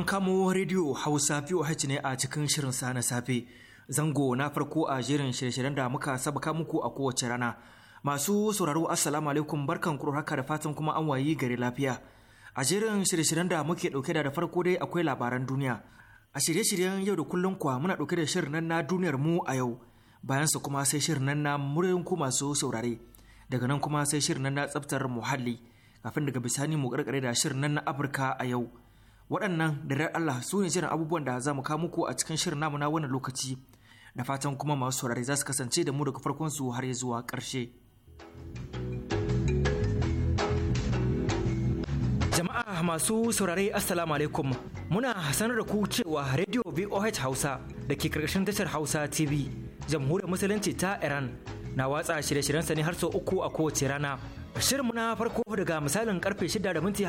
An kamo rediyo Hausa VOH ne a cikin shirin sa na safe. Zango na farko a jerin shirye-shiryen da muka sabaka muku a kowace rana. Masu sauraro Assalamu alaikum barkan kuro haka da fatan kuma an wayi gari lafiya. A jerin shirye-shiryen da muke dauke da farko dai akwai labaran duniya. A shirye-shiryen yau da kullum kuwa muna dauke da shirin nan na duniyar mu a yau. Bayan su kuma sai shirin nan na muryoyin ku masu saurare. Daga nan kuma sai shirin nan na tsaftar muhalli. Kafin daga bisani mu karkare da shirin nan na Afirka a yau. waɗannan da Allah su ne jiran abubuwan da za mu kawo muku a cikin shirin namu na wannan lokaci da fatan kuma masu saurare za su kasance da mu daga farkon su har zuwa ƙarshe. Jama'a masu saurari, Assalamu alaikum muna sanar da ku cewa Radio VOH Hausa da ke karkashin tashar Hausa TV jamhuriyar musulunci ta Iran na watsa shirye-shiryensa ne har sau uku a kowace rana Shirinmu na farko daga misalin karfe 6:53 da minti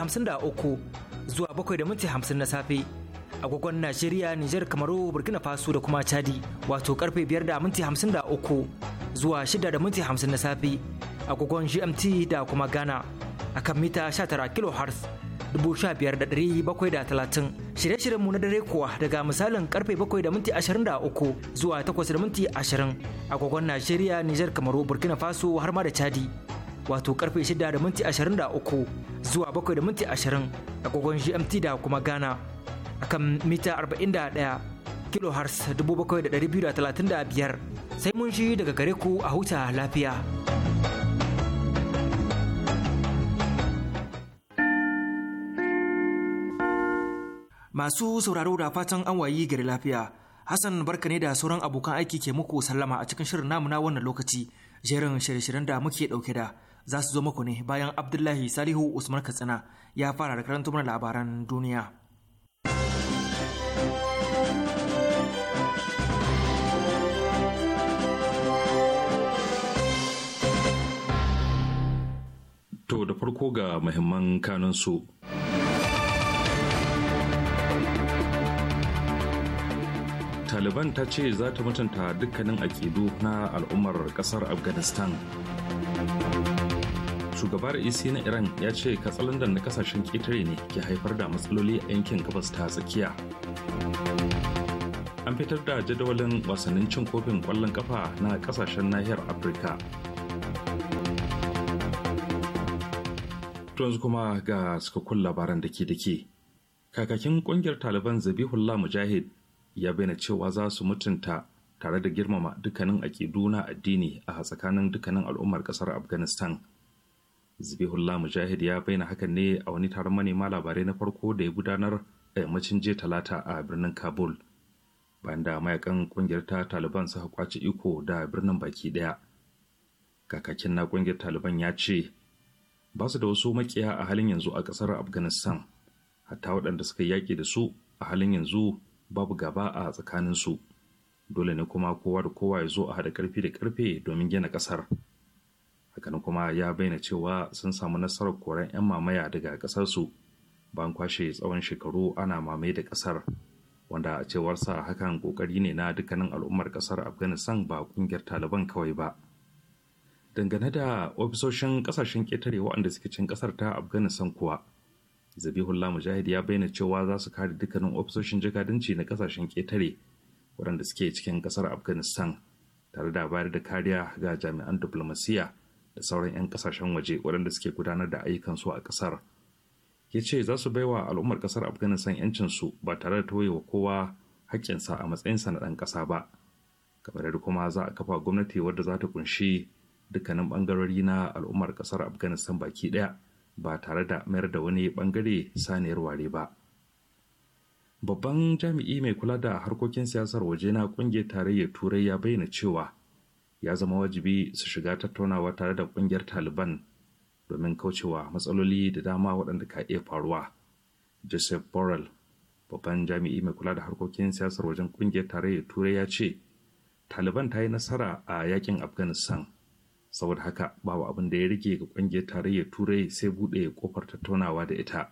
zuwa 7:50 da minti na safe. Agogon Najeriya, Nijar, Kamaru, Burkina Faso da kuma Chadi wato karfe 5:53 da minti zuwa 6:50 da minti na safe. Agogon GMT da kuma Ghana a kan mita 19 kHz 15730 shirye-shiryenmu na dare kuwa daga misalin karfe bakwai da minti uku zuwa takwas da minti 20 agogon Najeriya, Nijar, Kamaru, Burkina Faso har ma da Chadi. wato karfe 6 da minti 23 zuwa 7 da minti 20 agogon GMT da kuma Ghana akan mita 41 kilohertz 7,235 sai mun shi daga gare ku a huta lafiya. Masu sauraro da fatan an wayi gari lafiya. Hassan barka ne da sauran abokan aiki ke muku sallama a cikin shirin namu na wannan lokaci. jerin shirye-shiryen da muke ɗauke da za su zo muku ne bayan Abdullahi Salihu Usman Katsina ya fara da karanta mana labaran duniya. To da farko ga muhimman kanunsu. Taliban ta ce za ta mutunta dukkanin akidu na al'ummar ƙasar Afghanistan. shugabar ec na iran ya ce katsalandan na kasashen ƙetare ne ke haifar da matsaloli a yankin gabas ta tsakiya an fitar da jadawalin wasannin cin kofin ƙwallon kafa na kasashen nahiyar afirka yanzu kuma ga cikakkun labaran da ke da kakakin ƙungiyar taliban zabihullah mujahid ya bayyana cewa za su mutunta tare da girmama dukkanin akidu na addini a tsakanin dukkanin al'ummar ƙasar afghanistan zubihullah mujahid ya bayyana hakan ne a wani taron manema labarai na farko da ya gudanar a yammacin jiya talata a birnin kabul bayan da mayakan kungiyar ta taliban suka kwace iko da birnin baki daya kakakin na kungiyar taliban ya ce ba su da wasu makiya a halin yanzu a kasar afghanistan hatta waɗanda suka yaƙi da su a halin yanzu babu gaba a tsakaninsu dole ne kuma kowa da kowa ya zo a haɗa ƙarfi da ƙarfe domin gina ƙasar. hakanan kuma ya bayyana cewa sun samu nasarar koren 'yan mamaya daga ƙasarsu bayan kwashe tsawon shekaru ana mamaye da ƙasar wanda a cewar sa hakan ƙoƙari ne na dukkanin al'ummar kasar afghanistan ba ƙungiyar taliban kawai ba dangane da ofisoshin ƙasashen ƙetare waɗanda suke cin ƙasar ta afghanistan kuwa zabihullah mujahid ya bayyana cewa za su kare dukkanin ofisoshin jakadanci na ƙasashen ƙetare waɗanda suke cikin ƙasar afghanistan tare da bayar da kariya ga jami'an diflomasiyya da sauran 'yan kasashen waje waɗanda suke gudanar da ayyukansu a ƙasar ya ce za su baiwa al'ummar ƙasar afghanistan su ba tare da wa kowa haƙƙinsa a matsayinsa na ɗan ƙasa ba kamar yadda kuma za a kafa gwamnati wadda za ta kunshi dukkanin ɓangarori na al'ummar ƙasar afghanistan baki ɗaya ba tare da mayar da wani ɓangare saniyar ware ba babban jami'i mai kula da harkokin siyasar waje na ƙungiyar tarayyar turai ya bayyana cewa ya zama wajibi su shiga tattaunawa tare da ƙungiyar taliban domin kaucewa matsaloli da dama waɗanda ka iya faruwa joseph borrell babban jami'i mai kula da harkokin siyasar wajen ƙungiyar tarayyar turai ya ce taliban ta yi nasara a yakin afghanistan saboda haka babu abin da ya rike ga ƙungiyar tarayyar turai sai buɗe kofar tattaunawa da ita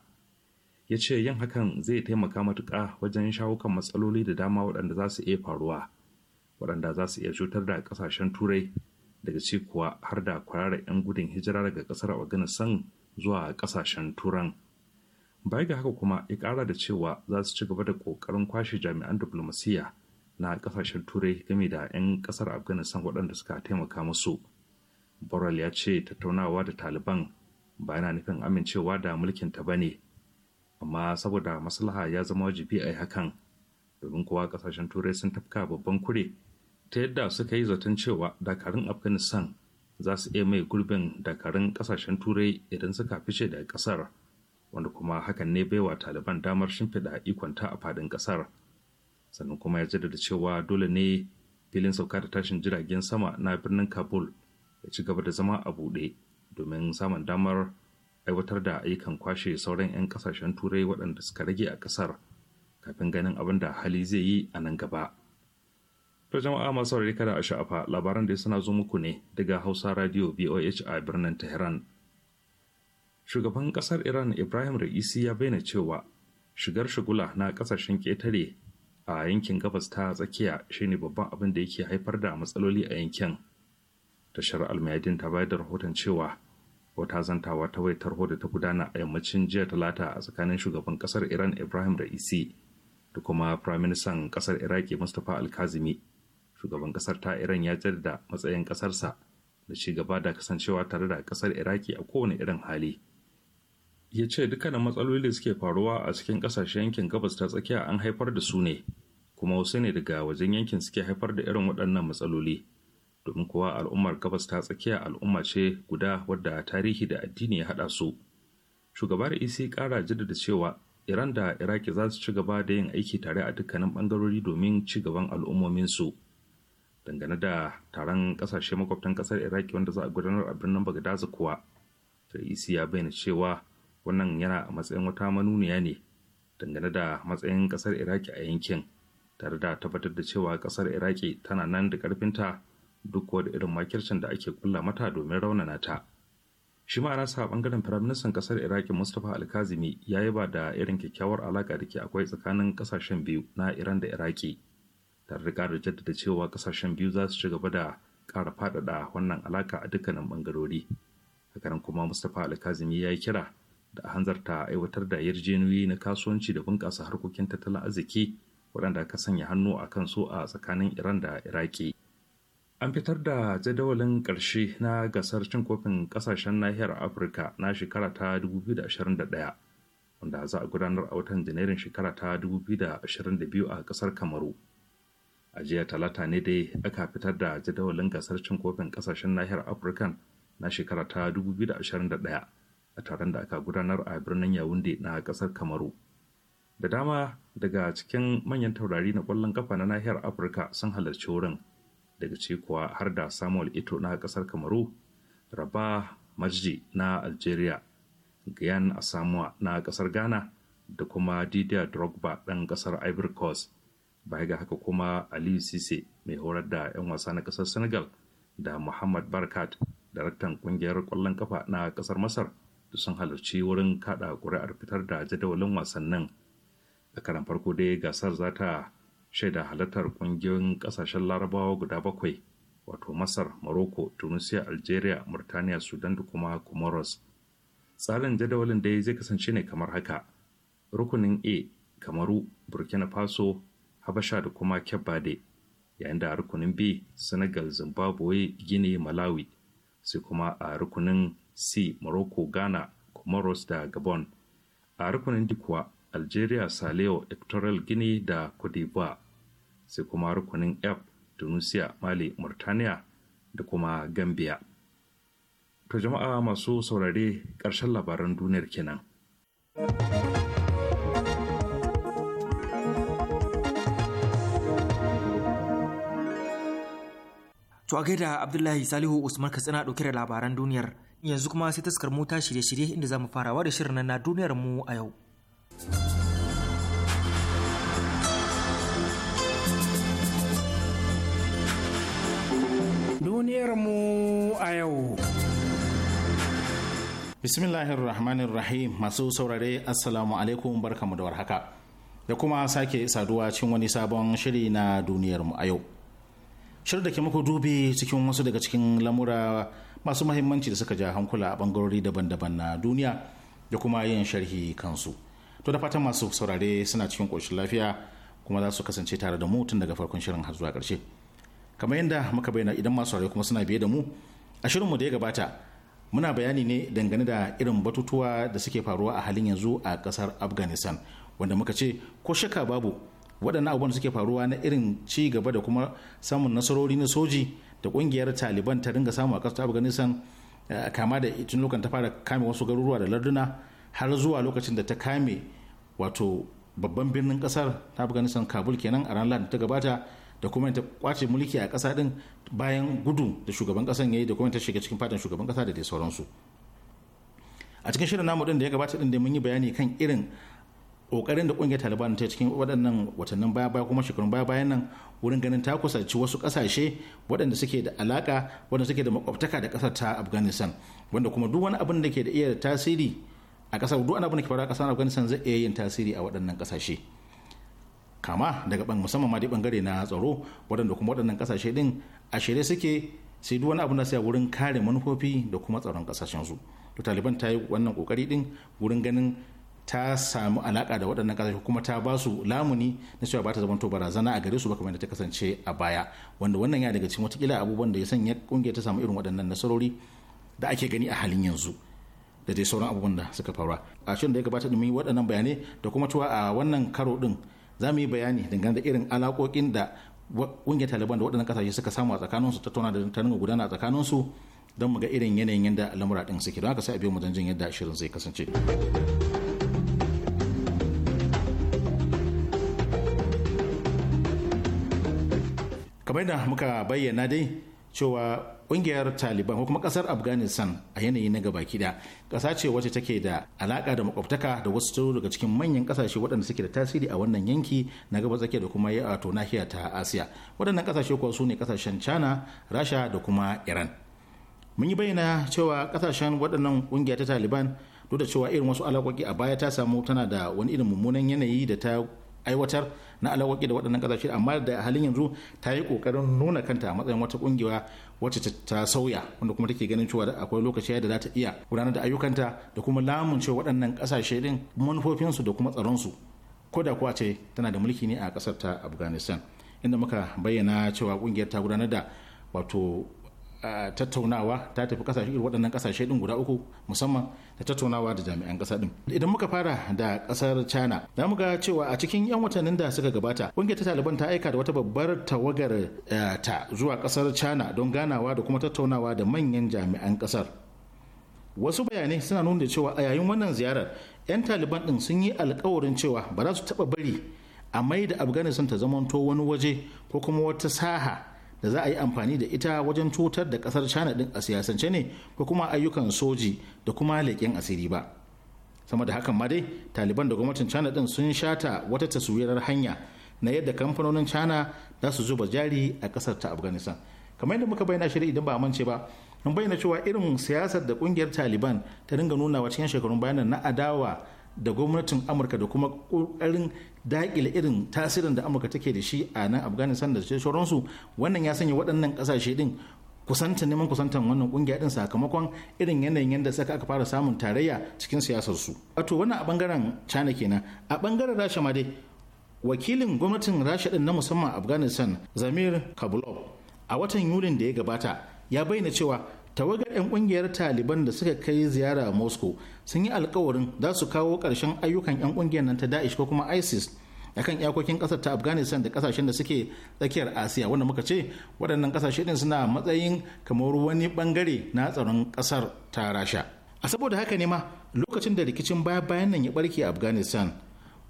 ya ce yin hakan zai taimaka matuƙa wajen shawo kan matsaloli da dama waɗanda za su iya faruwa waɗanda za su iya cutar da ƙasashen turai daga ci kuwa har da kwararra 'yan gudun hijira daga ƙasar afghanistan zuwa ƙasashen turan baya ga haka kuma ya ƙara da cewa za su ci gaba da ƙoƙarin kwashe jami'an diplomasiyya na ƙasashen turai game da 'yan ƙasar afghanistan waɗanda suka taimaka musu Boral ya ce tattaunawa da taliban ba yana nufin amincewa da mulkin ta bane amma saboda maslaha ya zama wajibi a hakan domin kuwa ƙasashen turai sun tafka babban kure ta yadda suka yi zaton cewa dakarun afghanistan za su iya mai gurbin dakarun kasashen turai idan suka fice daga kasar wanda kuma hakan ne baiwa taliban damar shimfiɗa ikonta a fadin kasar sannan kuma ya jaddada cewa dole ne filin sauka da tashin jiragen sama na birnin kabul ya ci gaba da zama a buɗe domin samun damar aiwatar da ayyukan kwashe sauran 'yan kasashen turai waɗanda suka rage a kasar kafin ganin abin da hali zai yi a nan gaba. To jama'a masu saurari kada a sha'afa labaran da suna zo muku ne daga Hausa Radio boh a birnin Tehran. Shugaban ƙasar Iran Ibrahim Ra'isi ya bayyana cewa shigar shigula na ƙasashen ƙetare a yankin gabas ta tsakiya shine babban abin da yake haifar da matsaloli a yankin. Tashar Almayadin ta bayar da rahoton cewa wata zantawa ta wai tarho da ta gudana a yammacin jiya talata a tsakanin shugaban ƙasar Iran Ibrahim Ra'isi da kuma Firaministan ƙasar Iraki Mustapha Alkazimi shugaban kasar ta iran ya jaddada matsayin kasarsa da ci gaba da kasancewa tare da kasar iraki a kowane irin hali ya ce dukkanin matsaloli suke faruwa a cikin kasashen yankin gabas ta tsakiya an haifar da su ne kuma wasu ne daga wajen yankin suke haifar da irin waɗannan matsaloli domin kuwa al'ummar gabas ta tsakiya al'umma ce guda wadda tarihi da addini ya haɗa su shugaba isi ƙara jaddada cewa iran da iraki za su ci gaba da yin aiki tare a dukkanin ɓangarori domin ci gaban al'ummominsu su dangane da taron kasashe makwabtan kasar iraki wanda za a gudanar a birnin bagdad kuwa raisi e ya bayyana cewa wannan yana a matsayin wata manuniya ne dangane da matsayin kasar iraki a yankin tare da tabbatar da cewa kasar iraki tana nan da karfinta duk wani irin makircin da ake kulla mata domin raunana ta shi ma sa bangaren firaministan kasar iraki mustapha alkazimi ya yi ba da irin kyakkyawar alaka da ke akwai tsakanin kasashen biyu na iran da iraki tare da jaddada cewa ƙasashen biyu za su ci gaba da ƙara faɗaɗa wannan alaƙa a dukkanin ɓangarori hakanan kuma mustapha alkazimi ya yi kira da a hanzarta aiwatar da yarjejeniyoyi na kasuwanci da bunƙasa harkokin tattalin arziki waɗanda ka sanya hannu a kan su a tsakanin iran da iraki an fitar da jadawalin ƙarshe na gasar cin kofin ƙasashen nahiyar afirka na shekara ta 2021 wanda za a gudanar a watan janairun shekara ta 2022 a ƙasar kamaru a jiya talata ne dai aka fitar da jadawalin gasar cin kofin kasashen nahiyar afirka na shekara ta 2021 a taron da aka gudanar a birnin yawunde na kasar kamaru da dama daga cikin manyan taurari na kwallon kafa na nahiyar afirka sun halarci wurin daga cekuwa har da samuel ito na kasar kamaru raba majji na algeria gyan asamuwa na kasar ghana da kuma didier drogba ɗan kasar ivory coast baya ga haka kuma aliyu sise mai horar da 'yan wasa na kasar senegal da muhammad barkat daraktan kungiyar kwallon kafa na kasar masar da sun halarci wurin kaɗa ƙuri'ar fitar da jadawalin wasannin a karan farko dai gasar za ta shaida halartar ƙungiyoyin ƙasashen larabawa guda bakwai wato masar maroko tunisia algeria murtaniya sudan da kuma comoros tsarin jadawalin dai zai kasance ne kamar haka rukunin a kamaru burkina faso habasha da kuma kebade yayin da a rukunin b senegal zimbabwe gini malawi sai kuma a rukunin c morocco ghana comoros da gabon a rukunin d kuwa algeria saleo equatorial guinea da cote d'ivoire sai kuma rukunin f tunisia mali Mauritania da kuma gambia to jama'a masu saurare ƙarshen labaran duniyar kenan. To a gaida Abdullahi Salihu Usman Katsina ɗauke da labaran duniyar. Yanzu kuma sai taskar mota shirye-shirye inda zamu farawa da shirin na duniyar mu a yau. Duniyar mu a yau. Rahim masu saurare Assalamu alaikum barkamu da warhaka. Da kuma sake saduwa cikin wani sabon shiri na duniyar mu a yau. shirin da ke muku dubi cikin wasu daga cikin lamura masu mahimmanci da suka ja hankula a bangarori daban-daban na duniya da kuma yin sharhi kansu to da fatan masu saurare suna cikin ƙoshin lafiya kuma za su kasance tare da mu tun daga farkon shirin har zuwa ƙarshe kamar yadda muka bayyana idan masu saurare kuma suna biye da mu a shirinmu da ya gabata muna bayani ne dangane da irin batutuwa da suke faruwa a halin yanzu a ƙasar afghanistan wanda muka ce ko shaka babu waɗannan abubuwan suke faruwa na irin ci gaba da kuma samun nasarori na soji da ƙungiyar taliban ta ringa samu a ƙasar afghanistan eh, kama da tun lokacin ta fara kame wasu garuruwa da larduna har zuwa lokacin da ta kame wato babban birnin ƙasar ta afghanistan kabul kenan a ranar da ta gabata da kuma ta kwace mulki a ƙasa din bayan gudu da shugaban ƙasar ya yi da kuma ta shiga cikin fatan shugaban ƙasa da dai sauransu a cikin shirin namu din da ya gabata din da mun yi bayani kan irin kokarin da kungiyar taliban ta cikin waɗannan watannin baya baya kuma shekarun baya bayan nan wurin ganin ta kusanci wasu ƙasashe waɗanda suke da alaka waɗanda suke da makwabtaka da ƙasar ta afghanistan wanda kuma duk wani abin da ke da iya tasiri a ƙasar duk wani abin da ke faruwa a ƙasar afghanistan zai iya yin tasiri a waɗannan ƙasashe kama daga ban musamman ma dai bangare na tsaro waɗanda kuma waɗannan ƙasashe din a shirye suke sai duk wani abu na sai wurin kare manufofi da kuma tsaron ƙasashen su to taliban ta yi wannan kokari din wurin ganin ta samu alaka da waɗannan ƙasashe kuma ta ba su lamuni na cewa ba ta zamanto barazana a gare su ba kamar da ta kasance a baya wanda wannan ya daga cikin watakila abubuwan da ya sanya ƙungiyar ta samu irin waɗannan nasarori da ake gani a halin yanzu da dai sauran abubuwan da suka faru a shirin da ya gabata domin waɗannan bayanai da kuma cewa a wannan karo ɗin za mu yi bayani dangane da irin alaƙoƙin da ƙungiyar taliban da waɗannan ƙasashe suka samu a tsakaninsu tattauna da ta gudana a tsakaninsu don mu ga irin yanayin yadda lamura ɗin suke don haka sai a biyo mu don jin yadda shirin zai kasance. kamar da muka bayyana dai cewa kungiyar taliban ko kuma kasar afghanistan a yanayi na gaba kida kasa ce wacce take da alaka da makwabtaka da wasu daga cikin manyan kasashe waɗanda suke da tasiri a wannan yanki na gaba tsakiya da kuma ya to nahiya ta asiya waɗannan kasashe kuwa su ne kasashen china rasha da kuma iran mun yi bayyana cewa kasashen waɗannan kungiya ta taliban duk da cewa irin wasu alaƙoƙi a baya ta samu tana da wani irin mummunan yanayi da ta aiwatar na alaƙoƙi da waɗannan ƙasashe amma da halin yanzu ta yi ƙoƙarin nuna kanta a matsayin wata ƙungiya wacce ta sauya wanda kuma take ganin cewa akwai lokaci da za ta iya gudanar da ayyukanta da kuma lamuncewa waɗannan ƙasashe din manufofinsu da kuma tsaronsu ko da kuwa ce tana da mulki ne a ƙasar ta afghanistan inda muka bayyana cewa ƙungiyar ta gudanar da wato tattaunawa ta tafi kasashe irin waɗannan kasashe din guda uku musamman da tattaunawa da jami'an ƙasa din idan muka fara da ƙasar china za mu ga cewa a cikin 'yan watannin da suka gabata ƙungiyar ta taliban ta aika da wata babbar tawagar eh, ta zuwa ƙasar china don ganawa da kuma tattaunawa da manyan jami'an ƙasar wasu bayanai suna nuna cewa a yayin wannan ziyarar 'yan taliban din sun yi alkawarin cewa ba za su taɓa bari a maida da afghanistan ta zamanto wani waje ko kuma wata saha da za a yi amfani da ita wajen cutar da kasar china din a siyasance ne ko kuma ayyukan soji da kuma leƙen asiri ba sama da hakan ma dai taliban da gwamnatin china din sun shata wata taswirar hanya na yadda kamfanonin china za su zuba jari a kasar ta afghanistan kamar yadda muka bayyana shirin idan ba a mance ba mun bayyana cewa irin siyasar da kungiyar taliban ta dinga nunawa cikin shekarun bayanan na adawa da gwamnatin amurka da kuma ƙoƙarin daƙile irin tasirin da amurka take da shi a nan afghanistan da sauransu wannan ya sanya waɗannan ƙasashe ɗin kusanta neman kusantar wannan kungiya din sakamakon irin yanayin yadda saka aka fara samun tarayya cikin siyasar su wato wannan a bangaren china kenan a bangaren rasha ma dai wakilin gwamnatin rasha din na musamman afghanistan zamir kabulov a watan yulin da ya gabata ya bayyana cewa tawagar 'yan kungiyar taliban da suka kai ziyara a moscow sun yi alkawarin za su kawo ƙarshen ayyukan 'yan kungiyar nan ta daesh ko kuma isis kan iyakokin ƙasar ta afghanistan da kasashen da suke tsakiyar asiya wanda muka ce waɗannan ƙasashe din suna matsayin kamar wani bangare na tsaron ƙasar ta rasha a saboda haka ne ma lokacin da rikicin baya bayan nan ya barke afghanistan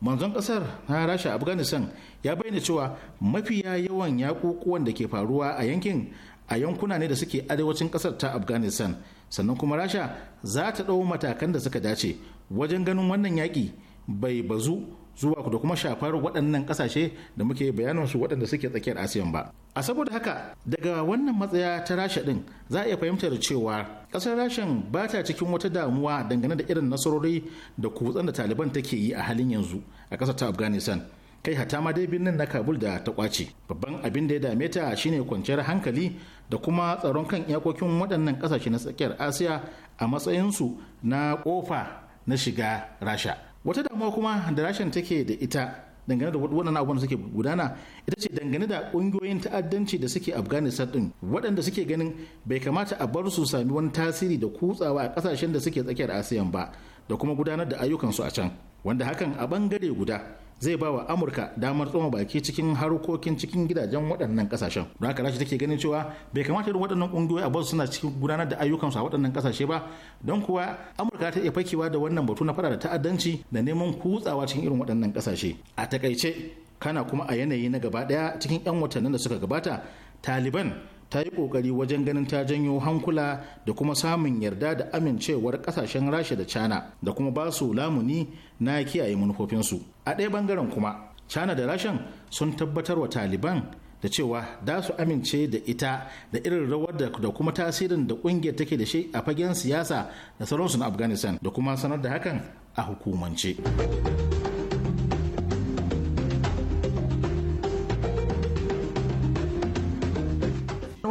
manzon ƙasar na rasha afghanistan ya bayyana cewa mafiya yawan yakukuwan da ke faruwa a yankin a yankuna ne da suke arewacin kasar ta afghanistan sannan kuma rasha za ta ɗau matakan da suka dace wajen ganin wannan yaƙi bai bazu zuwa da kuma shafar waɗannan ƙasashe da muke bayanin su waɗanda suke tsakiyar asiyan ba a saboda haka daga wannan matsaya ta rasha ɗin za a iya fahimtar cewa ƙasar rashin ba ta cikin wata damuwa dangane da irin nasarori da kutsen da taliban take yi a halin yanzu a ƙasar ta afghanistan kai hata ma dai birnin na kabul da ta kwace babban abin da ya dame ta shine kwanciyar hankali da kuma tsaron kan iyakokin waɗannan ƙasashe na tsakiyar asiya a matsayinsu na ƙofa na shiga rasha wata damuwa kuma da rashin take da ita dangane da waɗannan abubuwan da suke gudana ita ce dangane da ƙungiyoyin ta'addanci da suke afghanistan ɗin waɗanda suke ganin bai kamata a bar su sami wani tasiri da kutsawa a ƙasashen da suke tsakiyar asiyan ba da kuma gudanar da ayyukan su a can wanda hakan a bangare guda zai ba wa amurka damar tsoma baki cikin harkokin cikin gidajen waɗannan kasashen don haka rashi take ganin cewa bai kamata irin waɗannan ƙungiyoyi a suna cikin gudanar da ayyukansu a waɗannan kasashe ba don kuwa amurka ta iya fakewa da wannan batu na fada da ta'addanci da neman kutsawa cikin irin waɗannan kasashe a takaice kana kuma a yanayi na gaba ɗaya cikin 'yan watannin da suka gabata taliban ta yi kokari wajen ganin ta janyo hankula da kuma samun yarda da amincewar kasashen rasha da china da kuma ba su lamuni na kiyaye manufofinsu a ɗaya bangaren kuma china da rashan sun tabbatar wa taliban da cewa da su amince da ita da irin rawar da kuma tasirin da kungiyar take da shi a fagen siyasa da sauransu na afghanistan da kuma sanar da hakan a hukumance.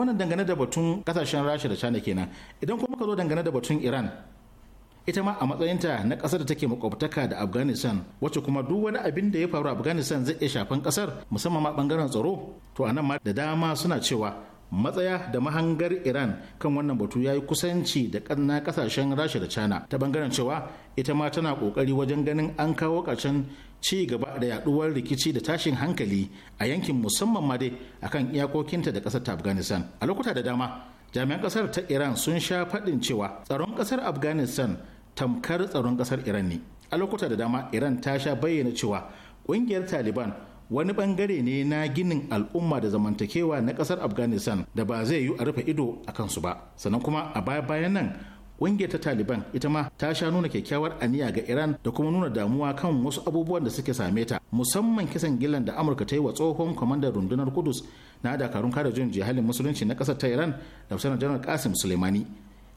wannan dangane da batun kasashen rasha da china kenan idan kuma ka zo dangane da batun iran ita ma a matsayinta na kasar da take makwabtaka da afghanistan wacce kuma duk wani abin da ya faru afghanistan zai iya shafan kasar musamman ma bangaren tsaro to a nan ma da dama suna cewa matsaya da mahangar iran kan wannan batu ya yi kusanci da kanna kasashen rasha da china ta bangaren cewa ita ma tana kokari wajen ganin an kawo ƙarshen ci gaba da yaduwar rikici da tashin hankali a yankin musamman ma dai akan iyakokinta da ƙasar ta afghanistan a lokuta da dama jami'an ƙasar ta iran sun sha faɗin cewa tsaron ƙasar afghanistan tamkar tsaron ƙasar iran ne a lokuta da dama iran ta sha bayyana cewa ƙungiyar taliban wani bangare ne na ginin al'umma da zamantakewa na kasar afghanistan da ba zai yi a rufe ido a kansu ba sannan kuma a baya bayan nan ƙungiyar ta taliban ita ma ta sha nuna kyakkyawar aniya ga iran da kuma nuna damuwa kan wasu abubuwan da suke same ta musamman kisan gillan da amurka ta yi wa tsohon kwamandan rundunar kudus na dakarun kare jin jihalin musulunci na kasar ta iran da sanar janar kasim suleimani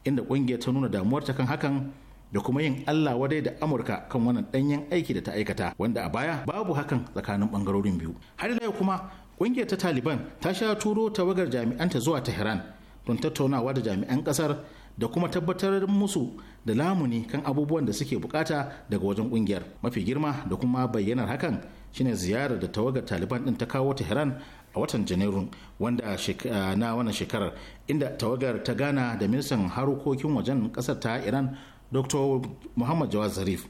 inda ƙungiyar ta nuna damuwarta kan hakan da kuma yin Allah wadai da Amurka kan wannan danyen aiki da ta aikata wanda a baya babu hakan tsakanin bangarorin biyu. Har ila kuma kungiyar ta Taliban ta sha turo tawagar jami'anta zuwa Tehran don tattaunawa da jami'an kasar da kuma tabbatar musu da lamuni kan abubuwan da suke bukata daga wajen kungiyar mafi girma da kuma bayyanar hakan shine ziyarar da tawagar taliban din ta kawo tehran a watan janairu wanda na wannan shekarar inda tawagar ta gana da ministan harkokin wajen kasar ta iran dr muhammad jawad zarif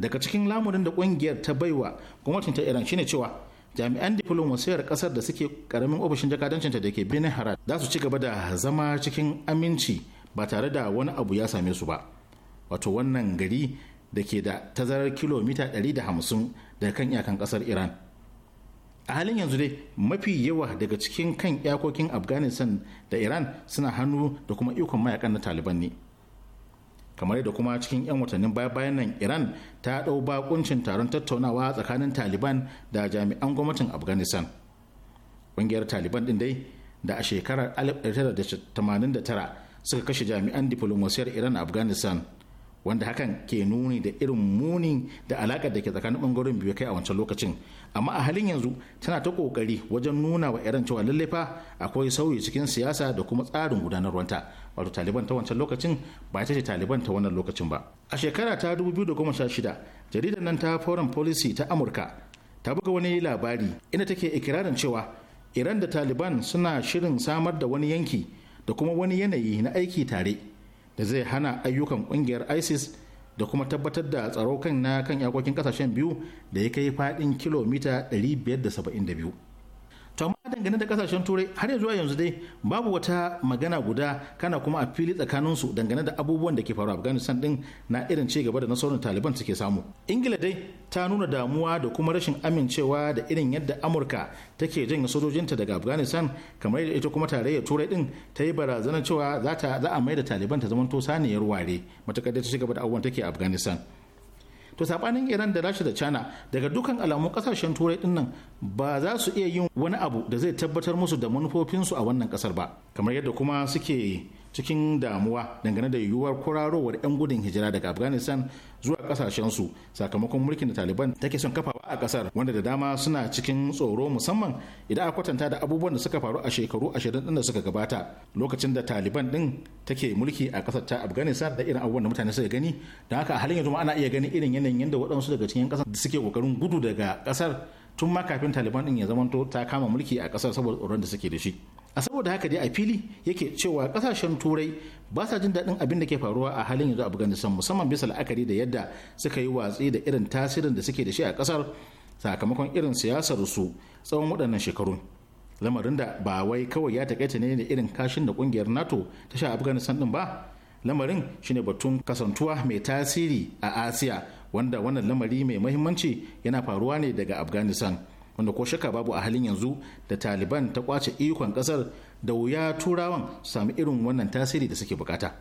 daga cikin lamurin da kungiyar ta baiwa gwamnatin ta iran shine cewa jami'an diflomasiyar kasar da suke karamin ofishin jakadancin da ke birnin harar za su ci gaba da zama cikin aminci ba tare da wani abu ya same su ba wato wannan gari da ke da tazarar kilomita 150 daga kan iyakan kasar iran a halin yanzu dai mafi yawa daga cikin kan iyakokin afghanistan da iran suna hannu da kuma ikon mayakan na taliban ne kamar yadda kuma cikin 'yan watannin baya-bayan nan iran ta ɗau bakuncin taron tattaunawa tsakanin taliban da jami'an gwamnatin afghanistan ƙungiyar taliban din dai da a shekarar 1989 suka kashe jami'an diflomasiyar iran a afghanistan wanda hakan ke nuni da irin muni da alakar da ke tsakanin bangaren biyu kai a wancan lokacin amma a halin yanzu tana ta kokari wajen nuna wa iran cewa lallai fa akwai sauyi cikin siyasa da kuma tsarin gudanarwanta wato taliban ta wancan lokacin ba ita ce taliban ta wannan lokacin ba a shekara ta 2016 jaridar nan ta foreign policy ta amurka ta buga wani labari inda take ikirarin cewa iran da taliban suna shirin samar da wani yanki da kuma wani yanayi na aiki tare da zai hana ayyukan kungiyar isis da kuma tabbatar da tsaro kan na kan yakokin kasashen biyu da ya kai faɗin kilomita 572 dangane da kasashen turai har zuwa yanzu dai babu wata magana guda kana kuma a fili tsakanin su dangane da abubuwan da ke faru afghanistan din na irin ci gaba da nasarar taliban suke samu ingila dai ta nuna damuwa da kuma rashin amincewa da irin yadda amurka take janye sojojinta daga afghanistan kamar yadda ita kuma tarayyar turai din ta yi barazanar cewa za a mai da taliban ta zamanto saniyar ware matakar da ta ci gaba da abubuwan take afghanistan to sabanin iran da rasha da china daga dukan alamun kasashen turai dinnan ba za su iya yin wani abu da zai tabbatar musu da manufofinsu a wannan kasar ba kamar yadda kuma suke cikin damuwa dangane da yiwuwar kurarowar 'yan gudun hijira daga afghanistan zuwa kasashensu sakamakon mulkin da taliban take son kafawa a kasar wanda da dama suna cikin tsoro musamman idan a kwatanta da abubuwan da suka faru a shekaru ashirin din da suka gabata lokacin da taliban din take mulki a kasar ta afghanistan da irin abubuwan da mutane suka gani don haka a halin yanzu ana iya ganin irin yanayin yadda waɗansu daga cikin kasar da suke kokarin gudu daga kasar tun ma kafin taliban din ya zamanto ta kama mulki a kasar saboda tsoron da suke da shi a saboda haka dai a fili yake cewa kasashen turai ba sa jin daɗin abin da ke faruwa a halin yanzu afghanistan musamman bisa la'akari da yadda suka yi watsi da irin tasirin da suke da shi a kasar sakamakon irin siyasar su tsawon waɗannan shekaru lamarin da ba wai kawai ya takaita ne da irin kashin da ƙungiyar nato ta sha afghanistan din ba lamarin shine batun kasantuwa mai tasiri a asiya wanda wannan lamari mai mahimmanci yana faruwa ne daga afghanistan wanda ko shaka babu a halin yanzu da taliban ta kwace ikon kasar da wuya turawan samu irin wannan tasiri da suke bukata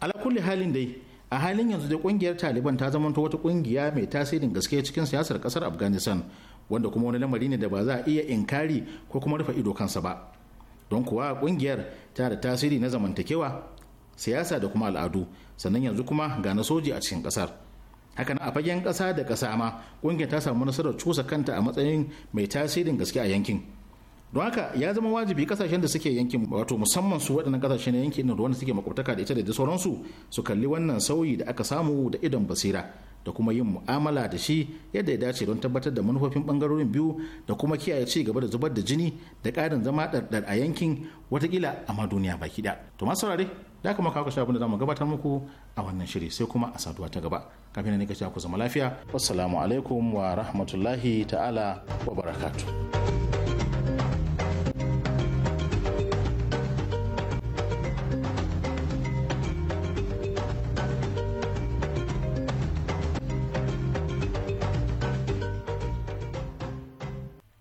ala halin dai a halin yanzu da kungiyar taliban ta zamanto wata kungiya mai tasirin gaske cikin siyasar kasar afghanistan wanda kuma wani lamari ne da ba za a iya inkari ko kuma rufe ido kansa ba don kuwa kungiyar ta da tasiri na zamantakewa siyasa da kuma al'adu sannan yanzu kuma ga na soji a cikin kasar hakan a fagen kasa da kasa ma ƙungiyar ta samu nasarar cusa kanta a matsayin mai tasirin gaske a yankin don haka ya zama wajibi kasashen da suke yankin wato musamman su waɗannan kasashen yankin da wanda suke makwabtaka da ita da sauransu su kalli wannan sauyi da aka samu da idon basira da kuma yin mu'amala da shi yadda ya dace don tabbatar da manufofin bangarorin biyu da kuma kiyaye ci gaba da zubar da jini da ƙarin zama ɗarɗar a yankin watakila a ma duniya baki ɗaya to masu saurare da kuma kawo kashe abin da zamu gabatar muku a wannan shiri sai kuma a saduwa ta gaba kafin ne kashe ku zama lafiya wassalamu alaikum wa rahmatullahi ta'ala wa barakatu.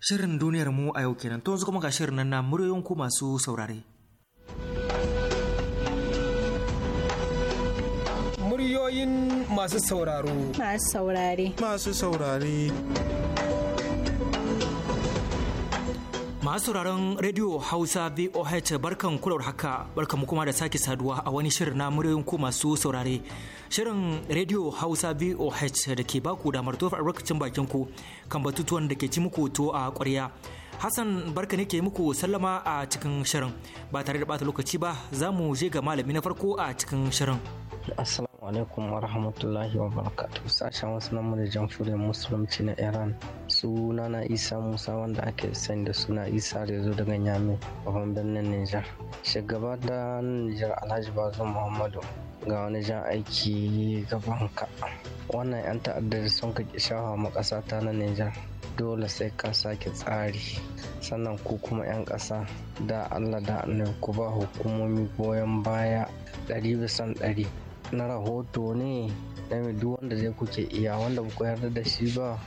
Shirin duniyar mu a yau kenan to yanzu kuma ga shirin nan na muryoyin ku masu saurare. ra'ayoyin masu sauraro. Masu saurare. Masu saurare. Masu sauraron Radio Hausa VOH barkan kular haka barkan kuma da sake saduwa a wani shirin na muryoyin ku masu saurare. Shirin Radio Hausa VOH da ke baku damar tofa a bakin ku kan batutuwan da ke ci muku to a ƙwarya. Hassan barka ne ke muku sallama a cikin shirin ba tare da bata lokaci ba za mu je ga malami na farko a cikin shirin. Assalamu alaikum wa rahmatullahi wa barakatu sashen wasu namu da jamhuriyar musulunci na Iran suna na Isa Musa wanda ake sani da suna Isa zo daga Nyame babban birnin Nijar. Shugaba da Nijar Alhaji bazu Muhammadu ga wani jan aiki gaban ka. Wannan 'yan ta'addar sun kaki shafa ma ƙasa ta na Nijar. dole sai ka sake tsari sannan ku kuma 'yan ƙasa da allah da ku ba hukumomi goyon baya 100% na rahoto ne na duk wanda zai kuke iya wanda ba ku yarda da shi ba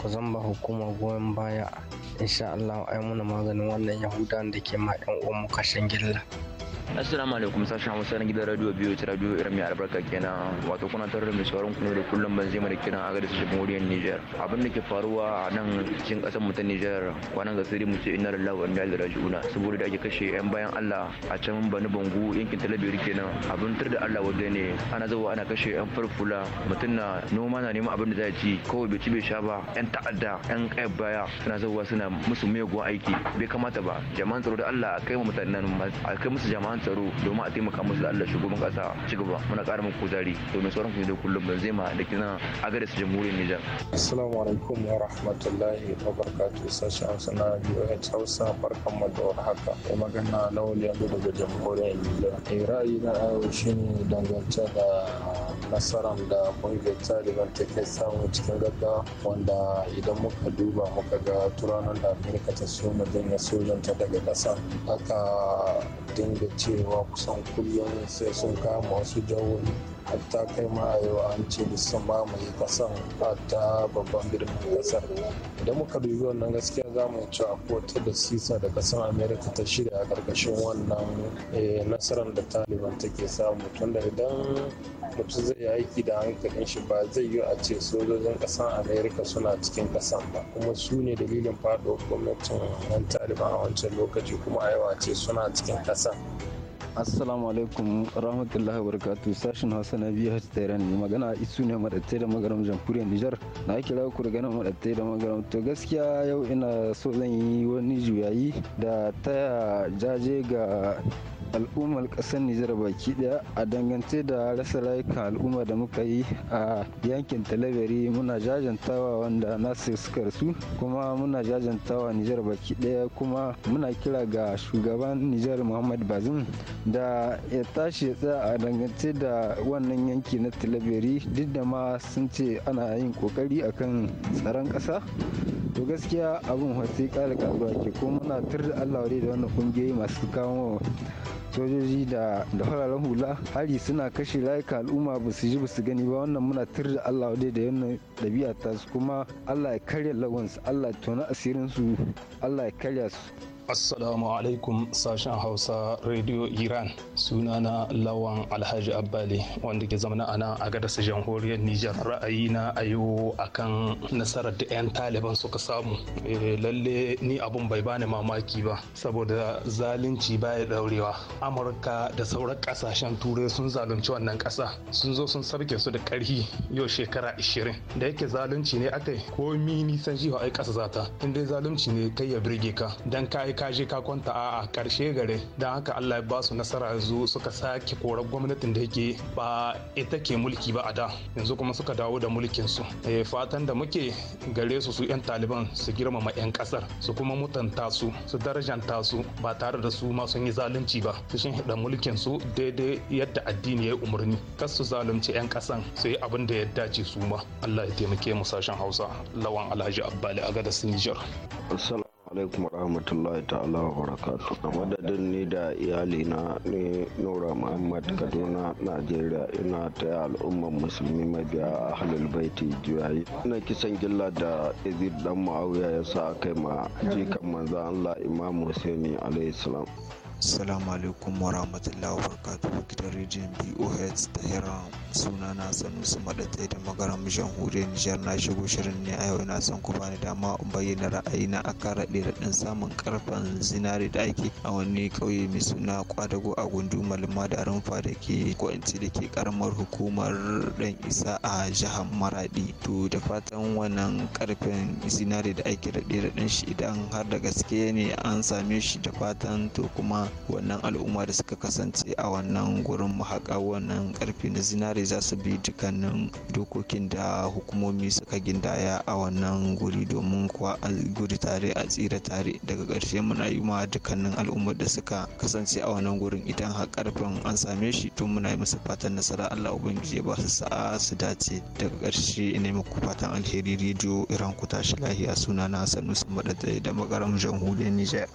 ku zan ba hukuma goyon baya insha allah ai muna maganin wannan yahudan da ke ma 'yan uwan mu kashin gilla Assalamu alaikum sashen Hausa na gidan radio biyu ta radio irin mai albarka kenan wato kuna tare da mai sauran kuma da kullum ban zai da kiran agadis jamhuriyar Niger abin da ke faruwa a nan cikin kasar mu ta Niger kwanan gasiri mu ce inna lillahi wa inna ilaihi raji'un saboda da ake kashe yan bayan Allah a can Bani Bangu yankin Talabiri kenan abin tur da Allah waje ne ana zawo ana kashe yan furfula mutum na noma na neman abin da zai ci kawai bai ci bai sha ba yan ta'adda yan kai baya suna zawo suna musu mugun aiki bai kamata ba jama'an tsaro da Allah a kai mu mutanen a kai musu jama'an jami'an tsaro domin a taimaka musu da Allah shugaban kasa ci gaba muna ƙara muku kuzari domin sauran ku da kullum Benzema da kina a gare su jamhuriyar Nijar. Assalamu alaikum wa rahmatullahi wa barakatuh sashen sana na a Hausa barkan mu da haka kuma magana wani Yanzu daga jamhuriyar Nijar. Eh, ra'ayi na shi shine dangance da nasarar da kungiyar Taliban ta kai samu cikin gaggawa wanda idan muka duba muka ga turanan da Amerika ta so mu janye sojanta daga ƙasa. aka dinga cewa kusan kullum sai sun kama wasu jawoyi hatta kai ma a yau an ce da sun mamaye kasan ta babban birnin kasar idan muka dubi wannan gaskiya za mu ci a kotu da sisa da kasar america ta shirya a karkashin wannan eh, nasarar da taliban take samu tunda idan mutum zai yi aiki da hankalin shi ba zai yi a ce sojojin kasar america suna cikin kasan ba kuma su ne dalilin faɗo gwamnatin yan taliban a wancan lokaci kuma a yawa ce suna cikin kasan assalamu alaikum rahmatullahi barakatu sashen hausa na biyu hajji tairan ne magana isu ne madattai da magaram jamhuriyar nijar na kira ku daga nan da magaram to gaskiya yau ina so zan yi wani juyayi da taya jaje ga al'ummar kasar nijar baki daya a dangance da rasa rayuka al'umma da muka yi a yankin talabari muna jajantawa wanda nasu suka rasu kuma muna jajantawa nijar baki daya kuma muna kira ga shugaban nijar muhammad bazin da ya tashi ya tsaya a dangance da wannan yanki na tilaberi duk da ma sun ce ana yin kokari akan tsaron kasa to gaskiya abin sai kare ƙaruwa ke ko muna tur da allah da wannan kungiyoyi masu kawo sojoji da da fararen hula hari suna kashe rayuka al'umma ba su ji ba su gani ba wannan muna tur da allah wadai da wannan ɗabi'a ta kuma allah ya karya lagos allah ya tona asirinsu su allah ya karya su Assalamu alaikum sashen Hausa Radio Iran sunana Lawan Alhaji Abbali wanda ke zama a nan a gadasa jamhuriyar Nijar ra'ayina a yau akan nasarar da 'yan taliban suka samu eh, lalle ni abun bai bani mamaki ba saboda zalunci baya daurewa Amurka da sauran kasashen turai sun zalunci wannan kasa sun zo sun sabke su da karhi yau shekara 20 da yake zalunci ne akai ko mini san jiwa ai kasa zata in dai zalunci ne kai ya birge ka dan kai ka je ka kwanta a karshe gare don haka Allah ya ba su nasara yanzu suka sake korar gwamnatin da yake ba ita ke mulki ba a da yanzu kuma suka dawo da mulkin su eh, fatan da muke gare su su yan taliban su girmama yan kasar su kuma mutanta su su darajanta su ba tare da su ma sun yi zalunci ba su shin hidda mulkin su daidai yadda addini ya yi umarni kas su zalunci yan kasan su yi abin da ya dace su ma Allah ya taimake mu sashen Hausa lawan Alhaji Abbali gadar Niger alaikum rahmatullahi ta'ala wa barakatu a madadin ni da iyali na ne nura muhammad kaduna najeriya ina ta al'ummar musulmi mabiya a halil baiti juyayi ina kisan gilla da izid dan ma'auya ya sa kai ma jikan manzan allah imam husaini alaihi salam Assalamu alaikum wa rahmatullahi wa barakatuhu gidan rediyon BOH ta Hiram sunana sanusi maɗatai da magaram jamhuriyar nijar na shigo shirin ne a yau ina son ku bani dama in bayyana ra'ayi na kan raɗe raɗin samun karfen zinare da ake a wani ƙauye mai suna kwadago a gundu madarin da rumfa da ke ce da ke karamar hukumar ɗan isa a jihar maraɗi to da fatan wannan ƙarfin zinare da ake raɗe raɗin shi idan har da gaske ne an same shi da fatan to kuma wannan al'umma da suka kasance a wannan gurin mahaƙa wannan karfe na zinare dai za su bi dukkanin dokokin da hukumomi suka gindaya a wannan guri domin kuwa a guri tare a tsira tare daga ƙarshe muna yi ma dukkanin al'ummar da suka kasance a wannan gurin idan har ƙarfin an same shi to muna yi musu fatan nasara Allah ubangiji ba su sa'a su dace daga ƙarshe ina muku fatan alheri rediyo iran ku tashi lahiya sunana sanusi madadai da magaram jamhuriyar Nijar.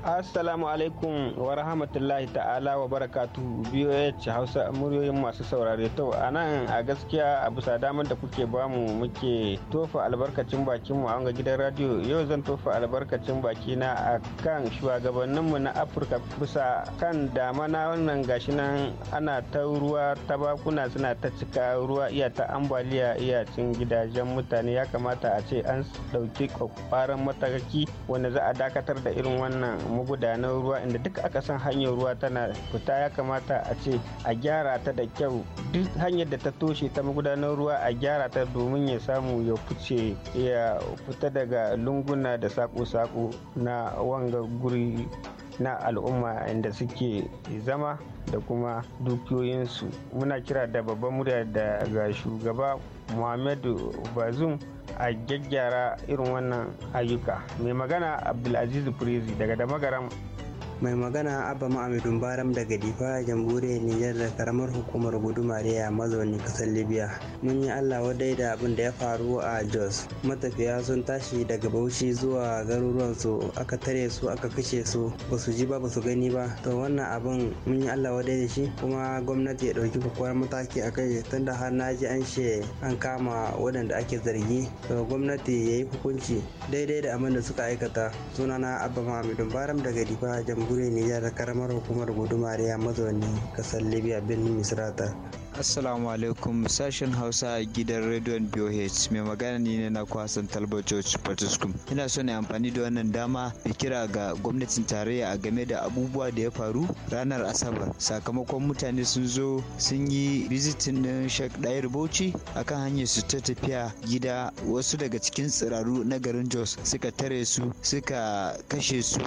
Assalamu alaikum wa rahmatullahi ta'ala wa barakatu BOH Hausa muryoyin masu saurare to a nan a gaskiya a bisa damar da kuke bamu muke tofa albarkacin bakin mu a gidan radio yau zan tofa albarkacin baki na akan shugabannin mu na Afirka bisa kan dama na wannan gashi nan ana ta ruwa ta bakuna suna ta cika ruwa iya ta ambaliya iya cin gidajen mutane ya kamata a ce an dauki kwakwaran mataki wanda za a dakatar da irin wannan magudanar ruwa inda duk aka san hanyar ruwa tana fita ya kamata a ce a gyara ta da kyau duk hanyar da ta toshe ta magudanar ruwa a gyara ta domin ya samu ya fice ya fita daga lunguna da sako-sako na wanga guri na al'umma inda suke zama da kuma dukiyoyinsu muna kira da babban murya daga shugaba muhammadu bazum a gyaggyara irin wannan ayyuka mai magana abdulaziz prezi daga da mai magana abba ma'amidun baram daga difa jamhuriyar nijar da karamar hukumar gudumariya mazauni kasar libya mun yi allah wadai da abin da ya faru a jos matafiya sun tashi daga bauchi zuwa garuruwan su aka tare su aka kashe su ba su ji ba ba su gani ba to wannan abin mun yi allah wadai da shi kuma gwamnati ya dauki kwakwar mataki a kai tunda har na ji an she an kama waɗanda ake zargi to gwamnati ya yi hukunci daidai da abin suka aikata sunana abba ma'amidun baram daga difa jamhuriyar jamhuriyar nijar karamar hukumar gudumariya mazauni kasar libya birnin misrata Assalamu alaikum sashen Hausa gidan rediyon BOH mai magana ni ne na kwasan Talba George Patiskum. Ina so na amfani da wannan dama da kira ga gwamnatin tarayya a game da abubuwa da ya faru ranar Asabar. Sakamakon mutane sun zo sun yi bizitin ɗin Sheikh Dair Bauchi akan hanyar su ta tafiya gida wasu daga cikin tsiraru na garin Jos suka tare su suka kashe su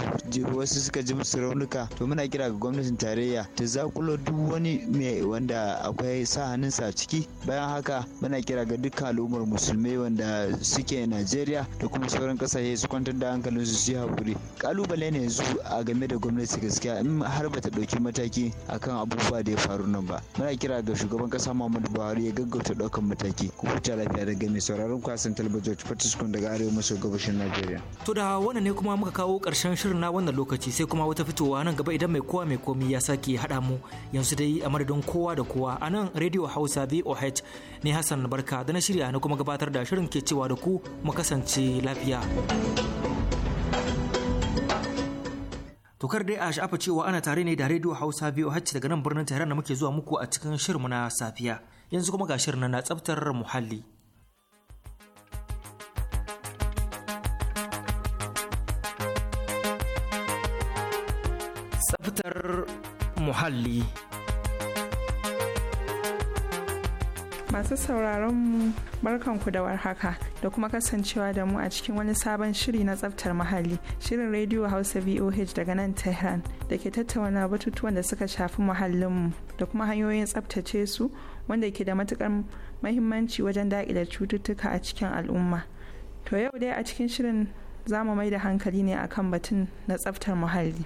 wasu suka ji musu raunuka to muna kira ga gwamnatin tarayya ta zakulo duk wani mai wanda akwai ya sa hannunsa a ciki bayan haka muna kira ga dukkan al'ummar musulmai wanda suke najeriya da kuma sauran kasashe su kwantar da hankalin su yi hakuri kalubale ne yanzu a game da gwamnati gaskiya in har bata ɗauki mataki akan abubuwa da ya faru nan ba muna kira ga shugaban kasa muhammadu buhari ya gaggauta ɗaukan mataki ku huta lafiya da mai sauraron kwasan talabijin fatiskun daga arewa maso gabashin najeriya. to da wannan ne kuma muka kawo ƙarshen shirin na wannan lokaci sai kuma wata fitowa nan gaba idan mai kowa mai komi ya sake haɗa mu yanzu dai a madadin kowa da kowa anan Radio Hausa VOH ne Hassan Barka da na shirya na kuma gabatar da shirin ke cewa da ku mu kasance lafiya. Tokar dai a sha'afa cewa ana tare ne da Radio Hausa VOH daga nan birnin Tehran da muke zuwa muku a cikin shirinmu na safiya. Yanzu kuma ga shirin na tsaftar muhalli. Tsaftar muhalli. masu sauraron mu barkanku da warhaka da kuma kasancewa da mu a cikin wani sabon shiri na tsaftar muhalli shirin rediyo hausa voh daga nan tehran da ke tattauna batutuwan da suka shafi muhallinmu da kuma hanyoyin tsaftace su wanda ke da matukar mahimmanci wajen da cututtuka a cikin al'umma to yau dai a cikin shirin za mu mai da hankali ne akan batun na tsaftar muhalli